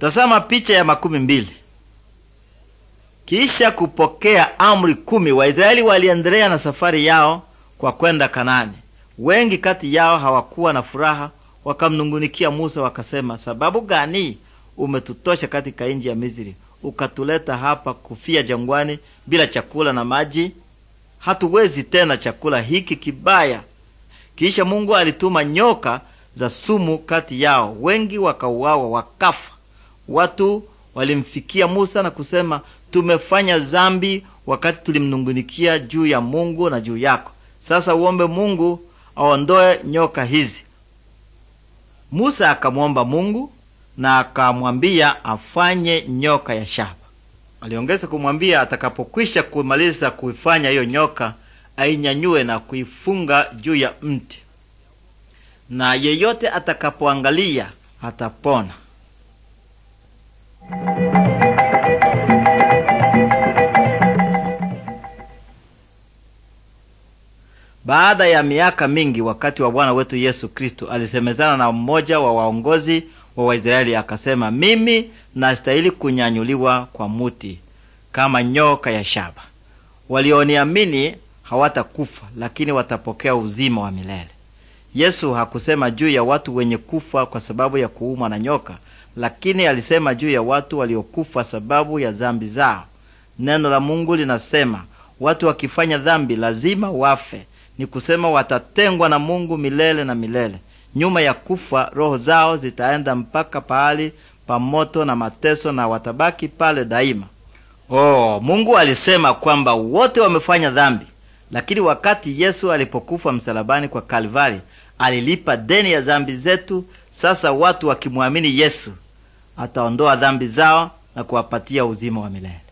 Tazama picha ya makumi mbili. Kisha kupokea amri kumi, Waisraeli waliendelea na safari yao kwa kwenda kanani Wengi kati yao hawakuwa na furaha, wakamnungunikia Musa wakasema, sababu gani umetutosha katika nchi ya Misri ukatuleta hapa kufia jangwani bila chakula na maji? Hatuwezi tena chakula hiki kibaya. Kisha Mungu alituma nyoka za sumu kati yao, wengi wakauawa wakafa. Watu walimfikia Musa na kusema, tumefanya zambi wakati tulimnungunikia juu ya Mungu na juu yako. Sasa uombe Mungu aondoe nyoka hizi. Musa akamwomba Mungu na akamwambia afanye nyoka ya shaba. Aliongeza kumwambia atakapokwisha kumaliza kuifanya hiyo nyoka ainyanyue na kuifunga juu ya mti, na yeyote atakapoangalia atapona. Baada ya miaka mingi, wakati wa Bwana wetu Yesu Kristo, alisemezana na mmoja wa waongozi wa Waisraeli akasema, mimi nastahili kunyanyuliwa kwa muti kama nyoka ya shaba. Walioniamini hawatakufa, lakini watapokea uzima wa milele. Yesu hakusema juu ya watu wenye kufa kwa sababu ya kuumwa na nyoka, lakini alisema juu ya watu waliokufa sababu ya zambi zao. Neno la Mungu linasema watu wakifanya dhambi lazima wafe, ni kusema watatengwa na Mungu milele na milele. Nyuma ya kufa, roho zao zitaenda mpaka pahali pa moto na mateso, na watabaki pale daima. Oh, Mungu alisema kwamba wote wamefanya dhambi, lakini wakati Yesu alipokufa msalabani kwa Kalvari, alilipa deni ya dhambi zetu. Sasa watu wakimwamini Yesu, ataondoa dhambi zao na kuwapatia uzima wa milele.